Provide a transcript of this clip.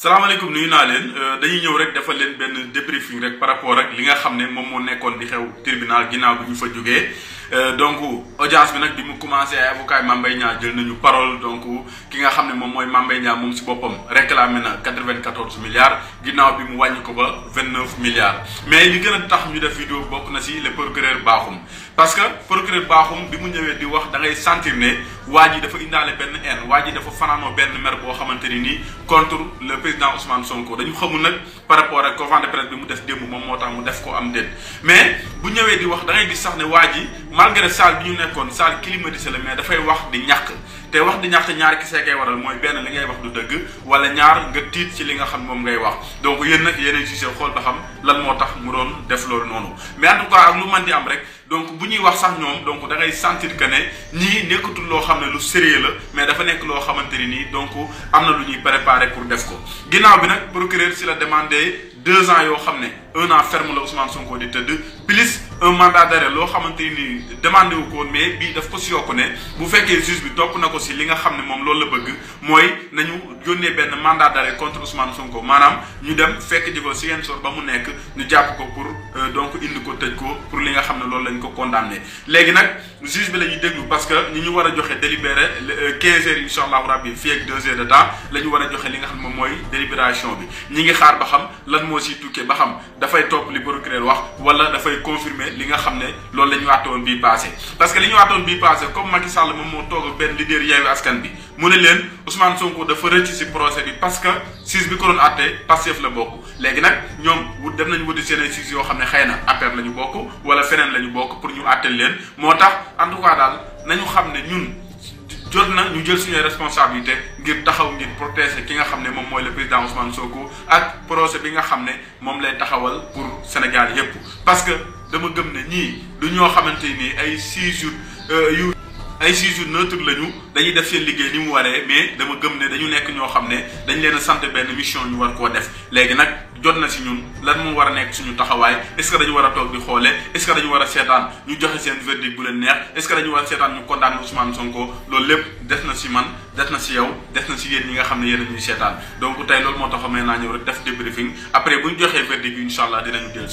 salaamaaleykum nuyu naa leen euh, dañuy ñëw rek defal leen benn débriefing rek par rapport ak li nga xam ne moom moo nekkoon di xew tribunal ginnaaw bi ñu fa jógee euh, donc audience bi nag bi mu commencé ay avocat Mame Mbaye Niang jël nañu parole donc ki nga xam ne moom mooy Mame Mbaye Niang moom si boppam réclamé na 94 milliards ginnaaw bi mu wàññi ko ba 29 milliards mais li gën a tax mu ñu def vidéo bokk na si le procureur Bakhoum parce que procureur Bakhoum bi mu ñëwee di wax da ngay sentir ne waa dafa indaale benn haine waa ji dafa fanaanoo benn mer boo xamante ni nii contre le président Ousmane Sonko dañu xamul nag par rapport ak conférence de presse bi mu def démb moom moo tax mu def ko am déet mais bu ñëwee di wax da ngay gis sax ne waa ji malgré salle bi ñu nekkoon salle climatisée la mais dafay wax di ñàkk te wax di ñaxte ñaar kese kay waral mooy benn li ngay wax du dëgg wala ñaar nga tiit ci li nga xam moom ngay wax donc yéen nag yéen a gisee xool ba xam lan moo tax mu doon def loolu noonu mais en tout cas ak lu mën di am rek donc bu ñuy wax sax ñoom donc dangay sentir que ne ñii nekkatul loo xam ne lu sérieux la mais dafa nekk loo xamante ni nii donc am na lu ñuy préparé pour def ko ginnaaw bi nag procureur si la demandé deux ans yoo xam ne. un an ferme la Ousmane Sonko di tëdd plus un mandat d'arrêt loo xamante ni demandé wu ko mais bii daf ko si yokk ne bu fekkee juge bi topp na ko si li nga xam ne moom loolu la bëgg mooy nañu yónnee benn mandat d'arrêt contre Ousmane Sonko maanaam ñu dem fekk ji ko si yenn sor ba mu nekk ñu jàpp ko pour euh, donc indi ko tëj ko pour li nga xam ne loolu lañ ko condamné. léegi nag juge bi la ñuy déglu parce que ñi ñu war a joxe délibéré 15 euh, heures incha allahu rabi fii ak 2 heures de temps la ñu war a joxe li nga xam moom mooy délibération bi ñi ngi xaar ba xam lan moo siy tukkee ba xam. dafay topp li procureur wax wala dafay confirmer li nga xam ne loolu la ñu àttewoon bii passé parce que li ñu àttewoon bii passé comme Macky Sall moom moo toog ak benn leader Yewwi Askan bi mu ne leen Ousmane Sonko dafa rëcc si procès bi parce que siis bi ko doon àtte Pastef la bokk léegi nag ñoom wut dem nañu wuti seen siis yoo xam ne xëy na APR la bokk wala feneen la ñu bokk pour ñu àttel leen moo tax en tout cas daal nañu xam ne ñun jot na ñu jël suñuy responsabilité ngir taxaw ngir protéger ki nga xam ne moom mooy le président Ousmane ko ak projet bi nga xam ne moom lay taxawal pour Sénégal yépp parce que dama gëm ne ñii du ñoo xamante nii ay six jours euh, yu ay six jours neutre lañu dañuy def seen liggéey ni mu waree mais dama gëm ne dañu nekk ñoo xam ne dañ leen a sant benn mission ñu war koo def léegi nag. jot na si ñun lan moo war a nekk suñu taxawaay est-ce que dañu war a toog bi xoole est-ce que dañu war a seetaan ñu joxe seen verdict bu leen neex est-ce que dañu war a seetaan ñu condamné Ousmane Sonko loolu lépp des na si man des na si yow des na si yéen ñi nga xam ne yéen ñuy seetaan donc tey loolu moo tax may naa ñëw rek def débriefing après bu ñu joxee verdict yi incha allah dinañu dellu